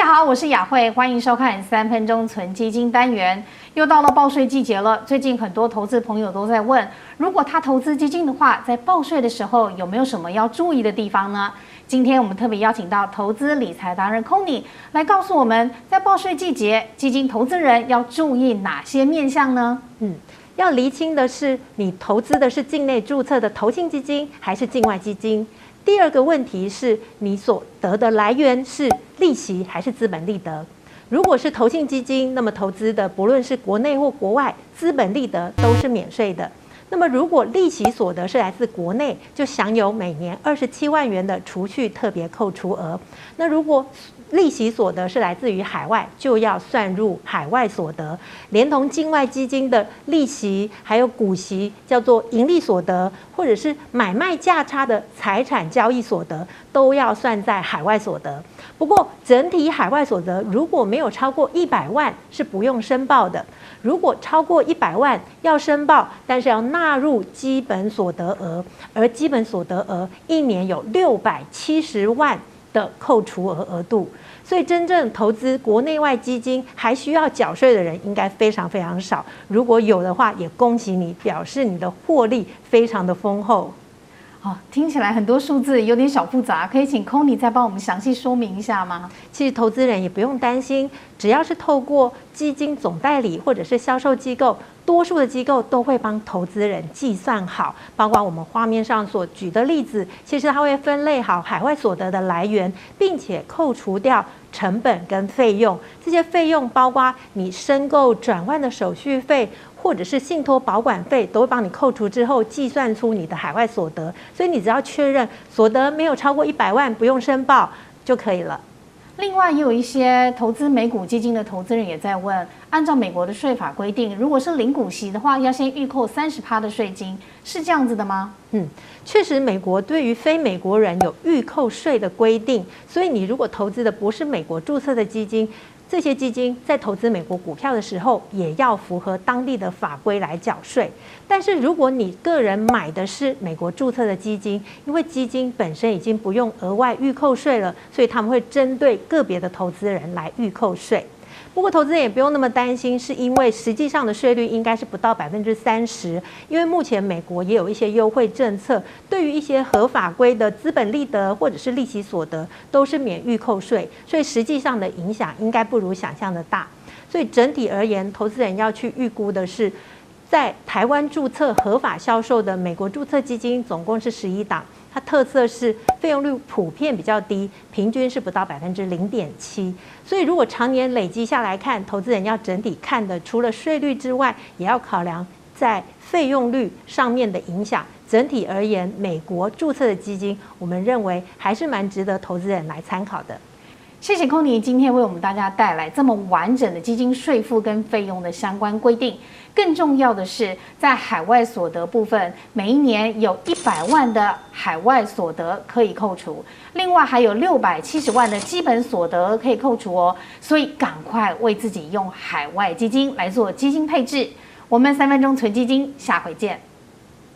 大家好，我是雅慧，歡迎收看三分鐘存基金單元。又到了報稅季節了，最近很多投資朋友都在問，如果他投資基金的話，在報稅的時候有沒有什麼要注意的地方呢？今天我們特別邀請到投資理財達人 Conny 來告訴我們，在報稅季節，基金投資人要注意哪些面向呢？嗯，要釐清的是，你投資的是境內註冊的投信基金，還是境外基金？第二個問題是，你所得的來源是利息還是資本利得？如果是投信基金，那麼投資的不論是國內或國外，資本利得都是免稅的。那麼，如果利息所得是來自國內，就享有每年二十七萬元的儲蓄特別扣除額。那如果利息所得是來自於海外，就要算入海外所得，連同境外基金的利息、還有股息，叫做營利所得，或者是買賣價差的財產交易所得，都要算在海外所得。不過，整體海外所得如果沒有超過一百萬，是不用申報的；如果超過一百萬，要申報，但是要納。納入基本所得額，而基本所得額一年有六百七十萬的扣除額額度，所以真正投資國內外基金還需要繳稅的人應該非常非常少。如果有的話，也恭喜你，表示你的獲利非常的豐厚。聽起來很多數字有點小複雜，可以請康尼再幫我們詳細說明一下嗎？其實投資人也不用擔心，只要是透過基金總代理或者是銷售機構，多數的機構都會幫投資人計算好，包括我們畫面上所舉的例子，其實它會分類好海外所得的來源，並且扣除掉。成本跟費用，這些費用包括你申購轉換的手續費，或者是信托保管費，都會幫你扣除之後計算出你的海外所得。所以你只要確認所得沒有超過一百萬，不用申報就可以了。另外也有一些投資美股基金的投資人也在問：按照美國的稅法規定，如果是領股息的話，要先預扣三十趴的稅金，是這樣子的嗎？嗯，確實，美國對於非美國人有預扣稅的規定，所以你如果投資的不是美國注冊的基金。這些基金在投資美國股票的時候，也要符合當地的法規來繳稅。但是，如果你個人買的是美國註冊的基金，因為基金本身已經不用額外預扣稅了，所以他們會針對個別的投資人來預扣稅。不過，投資人也不用那麼擔心，是因為實際上的稅率應該是不到百分之三十。因為目前美國也有一些優惠政策，對於一些合法規的資本利得或者是利息所得，都是免預扣稅，所以實際上的影響應該不如想象的大。所以整體而言，投資人要去預估的是，在台灣注冊合法銷售的美國注冊基金，總共是十一檔。它特色是費用率普遍比較低，平均是不到百分之零點七。所以如果常年累積下來看，投資人要整體看的，除了稅率之外，也要考量在費用率上面的影響。整體而言，美國註冊的基金，我們認為還是蠻值得投資人來參考的。謝謝空尼，今天為我們大家帶來這麼完整的基金稅負跟費用的相關規定。更重要的是，在海外所得部分，每一年有一百萬的海外所得可以扣除，另外還有六百七十萬的基本所得可以扣除哦。所以趕快為自己用海外基金來做基金配置。我們三分鐘存基金，下回見。